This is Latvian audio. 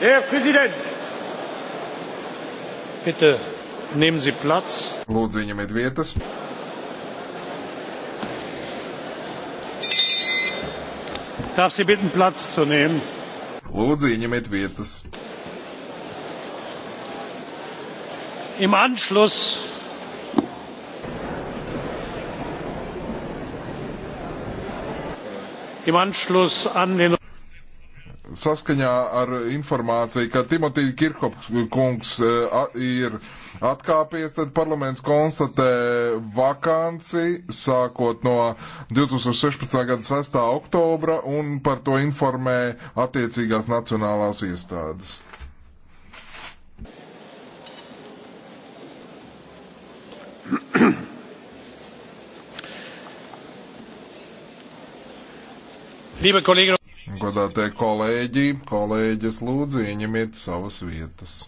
Herr Präsident! Bitte nehmen Sie Platz. Lūdzu, ieņemiet vietas. Darf Sie bitten, Platz zu nehmen? Lūdzu, ieņemiet vietas. Im Anschluss Im Anschluss an den saskaņā ar informāciju, ka Timotija Kirkops kungs e, ir atkāpies, tad parlaments konstatē vakanci sākot no 2016. gada 6. oktobra un par to informē attiecīgās nacionālās iestādes. Liebe Kolleginnen Godātie kolēģi, kolēģis lūdzu ieņemiet savas vietas.